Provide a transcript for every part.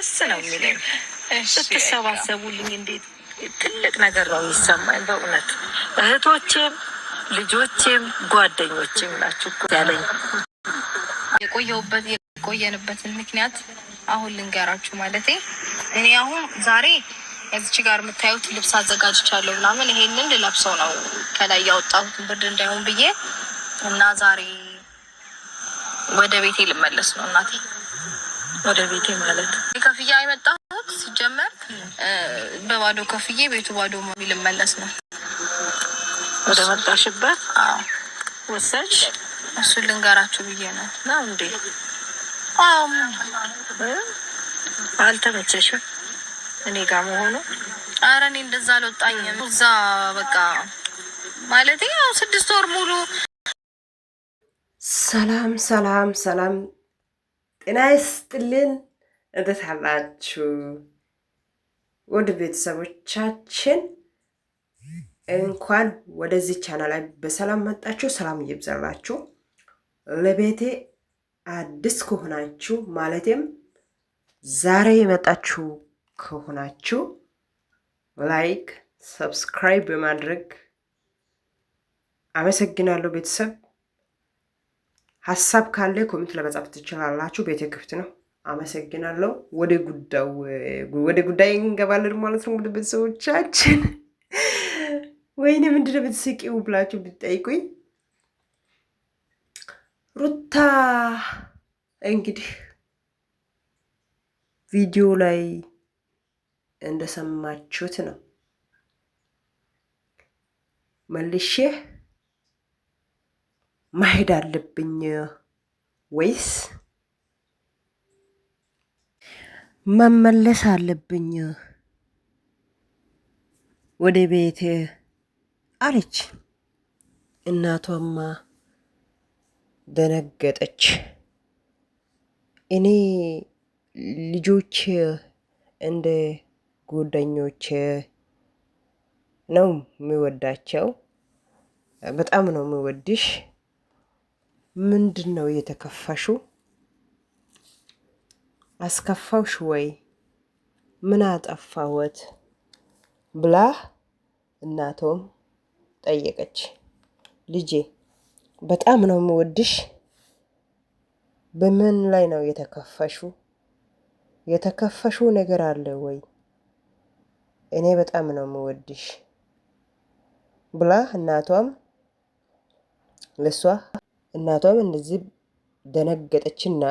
ደስ ነው የሚለኝ ስትሰባሰቡልኝ። እንዴት ትልቅ ነገር ነው የሚሰማኝ በእውነት እህቶቼም ልጆቼም ጓደኞቼም ናችሁ ያለኝ። የቆየሁበት የቆየንበትን ምክንያት አሁን ልንገራችሁ። ማለት እኔ አሁን ዛሬ እዚች ጋር የምታዩት ልብስ አዘጋጅቻለሁ ምናምን ይሄንን ልለብሰው ነው ከላይ ያወጣሁትን ብርድ እንዳይሆን ብዬ እና ዛሬ ወደ ቤቴ ልመለስ ነው እናቴ ወደ ቤቴ ማለት ከፍያ የመጣሁት ሲጀመር በባዶ ከፍዬ ቤቱ ባዶ ሞቢ ልመለስ ነው። ወደ መጣሽበት ወሰች እሱ ልንገራችሁ ብዬ ነው። ነው እንዴ? አልተመቸሽም እኔ ጋር መሆኑ? አረ እኔ እንደዛ አልወጣኝም። እዛ በቃ ማለት ያው ስድስት ወር ሙሉ ሰላም ሰላም ሰላም ጤና ይስጥልን። እንዴት አላችሁ ቤተሰቦቻችን? እንኳን ወደዚህ ቻናል ላይ በሰላም መጣችሁ። ሰላም እየብዛላችሁ ለቤቴ አዲስ ከሆናችሁ ማለቴም ዛሬ የመጣችሁ ከሆናችሁ ላይክ፣ ሰብስክራይብ በማድረግ አመሰግናለሁ ቤተሰብ ሀሳብ ካለ ኮሜንት ለመጻፍ ትችላላችሁ። ቤቴ ክፍት ነው። አመሰግናለሁ። ወደ ጉዳዩ ወደ ጉዳይ እንገባለን ማለት ነው። እንግዲህ ቤተሰቦቻችን ወይኔ ምንድነው ብትስቂው ብላችሁ ብትጠይቁኝ ሩታ እንግዲህ ቪዲዮ ላይ እንደሰማችሁት ነው መልሼ ማሄድ አለብኝ ወይስ መመለስ አለብኝ ወደ ቤት አለች። እናቷማ ደነገጠች። እኔ ልጆች እንደ ጓደኞች ነው የሚወዳቸው። በጣም ነው የሚወድሽ ምንድን ነው የተከፋሽው? አስከፋውሽ ወይ? ምን አጠፋወት? ብላ እናቶም ጠየቀች። ልጄ በጣም ነው የምወድሽ። በምን ላይ ነው የተከፈሹ? የተከፈሹ ነገር አለ ወይ? እኔ በጣም ነው የምወድሽ ብላ እናቷም ለሷ እናቷም እንደዚህ ደነገጠችና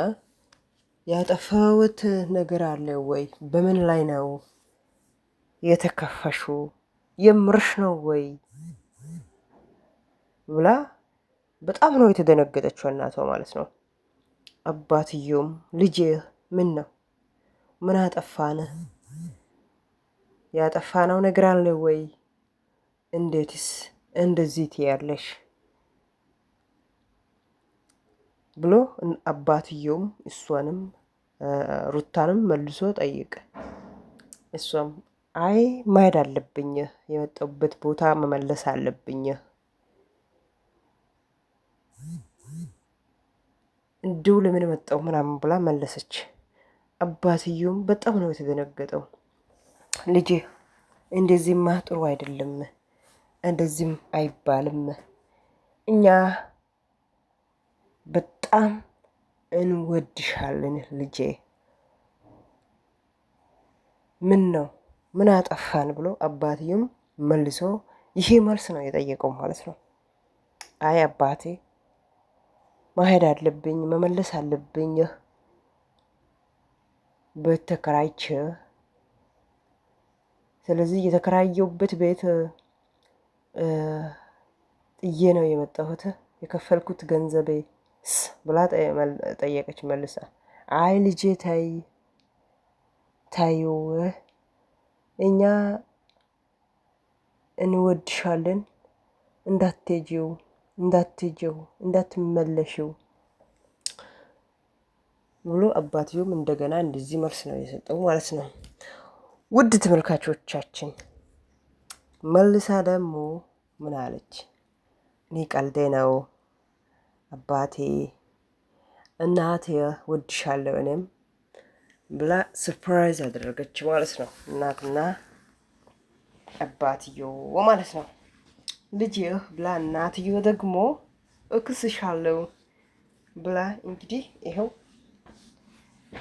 ያጠፋሁት ነገር አለ ወይ? በምን ላይ ነው የተከፈሹ? የምርሽ ነው ወይ ብላ በጣም ነው የተደነገጠችው እናቷ ማለት ነው። አባትየውም ልጄ ምን ነው ምን አጠፋን? ያጠፋነው ነገር አለ ወይ? እንዴትስ እንደዚህ ትያለሽ? ብሎ አባትየውም እሷንም ሩታንም መልሶ ጠይቀ። እሷም አይ ማሄድ አለብኝ፣ የመጣሁበት ቦታ መመለስ አለብኝ፣ እንዲሁ ለምን መጣው ምናምን ብላ መለሰች። አባትየውም በጣም ነው የተደነገጠው። ልጅ እንደዚህማ ጥሩ አይደለም፣ እንደዚህም አይባልም እኛ በጣም እንወድሻለን ልጄ፣ ምን ነው ምን አጠፋን ብሎ አባትየም መልሶ ይሄ መልስ ነው የጠየቀው ማለት ነው። አይ አባቴ ማሄድ አለብኝ መመለስ አለብኝ ቤት ተከራይቼ፣ ስለዚህ የተከራየሁበት ቤት ጥዬ ነው የመጣሁት የከፈልኩት ገንዘቤ ስ ብላ ጠየቀች መልሳ። አይ ልጄ ታይ ታይው እኛ እንወድሻለን እንዳትጂው እንዳትጂው እንዳትመለሽው ብሎ አባትዮም እንደገና እንደዚህ መልስ ነው የሰጠው ማለት ነው። ውድ ተመልካቾቻችን መልሳ ደግሞ ምን አለች? እኔ ቀልዴ ነው አባቴ እናቴ ወድሻለሁ እኔም ብላ ሰርፕራይዝ ያደረገች ማለት ነው። እናትና አባትዮ ማለት ነው። ልጅህ ብላ እናትዮ ደግሞ እክስሻለሁ ብላ እንግዲህ ይኸው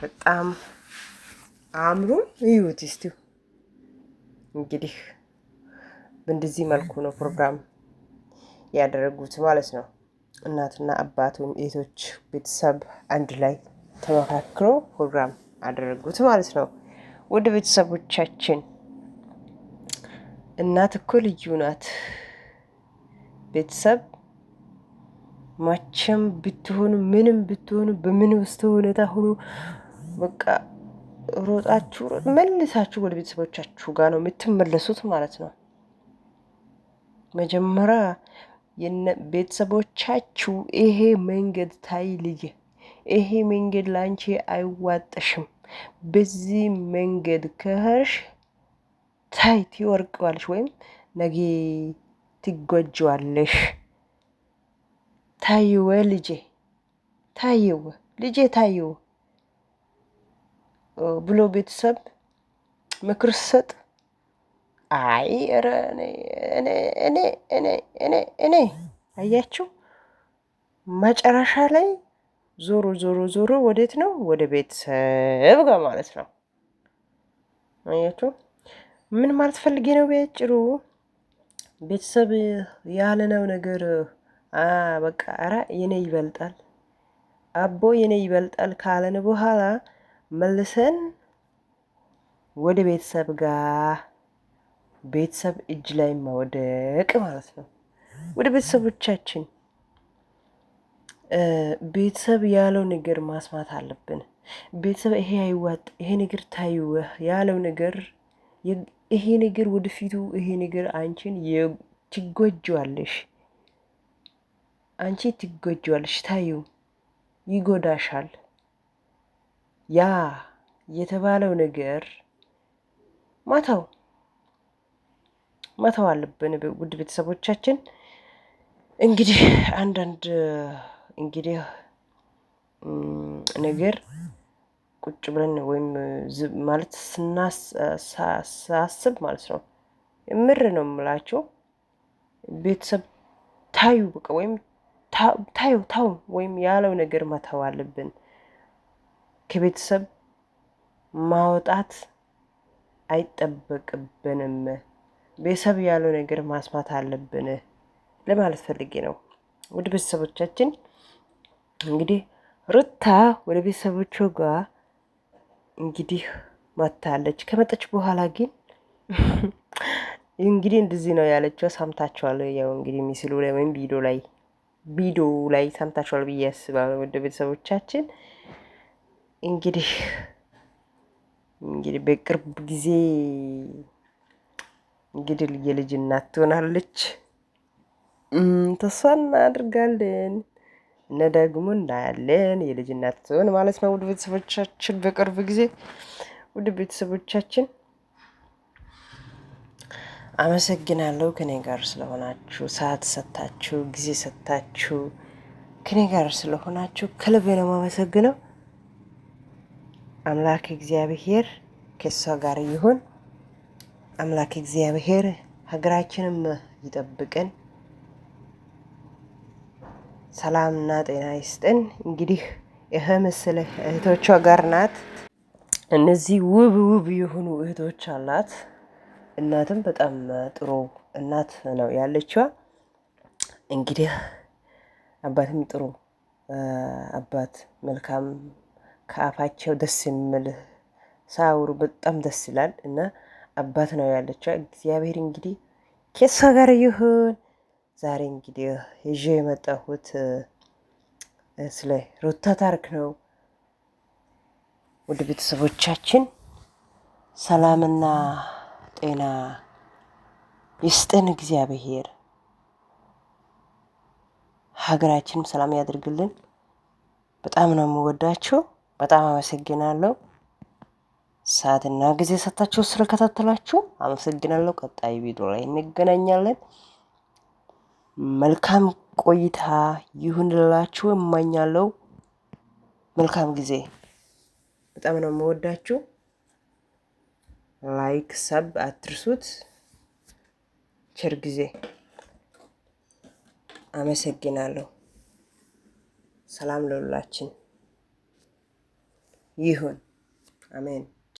በጣም አእምሮ ይዩት እስቲ እንግዲህ በእንደዚህ መልኩ ነው ፕሮግራም ያደረጉት ማለት ነው። እናትና አባት ወይም እህቶች ቤተሰብ አንድ ላይ ተመካክሮ ፕሮግራም አደረጉት ማለት ነው። ወደ ቤተሰቦቻችን እናት እኮ ልዩ ናት። ቤተሰብ ማቸም ብትሆኑ ምንም ብትሆኑ በምን ውስጥ ሁኔታ ሁኑ በቃ ሮጣችሁ መልሳችሁ ወደ ቤተሰቦቻችሁ ጋር ነው የምትመለሱት ማለት ነው። መጀመሪያ ቤተሰቦቻችሁ ይሄ መንገድ ታይ ልጄ፣ ይሄ መንገድ ላንቺ አይዋጠሽም፣ በዚህ መንገድ ከህርሽ ታይ ትወርቀዋለሽ ወይም ነገ ትጎጀዋለሽ። ታይወ ልጄ፣ ታይወ ልጄ፣ ታይወ ብሎ ቤተሰብ ምክር ሰጥ አይ ኧረ እኔ እኔ እኔ አያችሁ፣ መጨረሻ ላይ ዞሮ ዞሮ ዞሮ ወዴት ነው? ወደ ቤተሰብ ጋር ማለት ነው። አያችሁ፣ ምን ማለት ፈልጌ ነው? ቢያጭሩ ቤተሰብ ያለነው ነገር በቃ ኧረ የኔ ይበልጣል አቦ የኔ ይበልጣል ካለን በኋላ መልሰን ወደ ቤተሰብ ጋር ቤተሰብ እጅ ላይ መውደቅ ማለት ነው። ወደ ቤተሰቦቻችን ቤተሰብ ያለው ነገር ማስማት አለብን። ቤተሰብ ይሄ አይዋጥ፣ ይሄ ነገር ታይወህ ያለው ነገር ይሄ ነገር ወደፊቱ ይሄ ነገር አንቺን ትጎጅዋለሽ፣ አንቺ ትጎጅዋለሽ፣ ታዩ ይጎዳሻል። ያ የተባለው ነገር ማታው መተው አለብን። ውድ ቤተሰቦቻችን እንግዲህ አንዳንድ እንግዲህ ነገር ቁጭ ብለን ወይም ማለት ስናሳስብ ማለት ነው ምር ነው የምላቸው ቤተሰብ ታዩ በቃ ወይም ታዩ ታው ወይም ያለው ነገር መተው አለብን። ከቤተሰብ ማውጣት አይጠበቅብንም። ቤተሰብ ያለው ነገር ማስማት አለብን ለማለት ፈልጌ ነው። ወደ ቤተሰቦቻችን እንግዲህ ሩታ ወደ ቤተሰቦቿ ጋር እንግዲህ መታለች። ከመጣች በኋላ ግን እንግዲህ እንደዚህ ነው ያለችው። ሰምታችኋል። ያው እንግዲህ ምስሉ ላይ ወይም ቪዲዮ ላይ ቪዲዮ ላይ ሰምታችኋል ብዬ አስባለሁ። ወደ ቤተሰቦቻችን እንግዲህ እንግዲህ በቅርብ ጊዜ እንግዲህ የልጅ እናት ትሆናለች ተስፋ እናድርጋለን እነ ደግሞ እናያለን የልጅ እናት ትሆን ማለት ነው። ውድ ቤተሰቦቻችን በቅርብ ጊዜ ውድ ቤተሰቦቻችን አመሰግናለሁ ከኔ ጋር ስለሆናችሁ፣ ሰዓት ሰታችሁ፣ ጊዜ ሰታችሁ ከኔ ጋር ስለሆናችሁ ከልቤ ነው የማመሰግነው። አምላክ እግዚአብሔር ከሷ ጋር ይሁን። አምላክ እግዚአብሔር ሀገራችንም ይጠብቅን፣ ሰላምና ጤና ይስጥን። እንግዲህ ይህ ምስል እህቶቿ ጋር ናት። እነዚህ ውብ ውብ የሆኑ እህቶች አላት። እናትም በጣም ጥሩ እናት ነው ያለችዋ። እንግዲህ አባትም ጥሩ አባት መልካም፣ ከአፋቸው ደስ የሚል ሳያወሩ በጣም ደስ ይላል እና አባት ነው ያለችው። እግዚአብሔር እንግዲህ ከሷ ጋር ይሁን። ዛሬ እንግዲህ ይዤ የመጣሁት ስለ ሩታ ታሪክ ነው። ውድ ቤተሰቦቻችን ሰላምና ጤና ይስጠን እግዚአብሔር። ሀገራችንም ሰላም ያድርግልን። በጣም ነው የምወዳችሁ። በጣም አመሰግናለሁ። ሰዓትና ጊዜ ሰጥታችሁ ስለከታተላችሁ አመሰግናለሁ። ቀጣይ ቪዲዮ ላይ እንገናኛለን። መልካም ቆይታ ይሁንላችሁ እመኛለሁ። መልካም ጊዜ። በጣም ነው የምወዳችሁ። ላይክ ሰብ አትርሱት። ቸር ጊዜ። አመሰግናለሁ። ሰላም ለሁላችን ይሁን። አሜን።